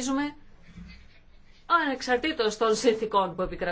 συνεχίζουμε ανεξαρτήτως των συνθήκων που επικρατούν.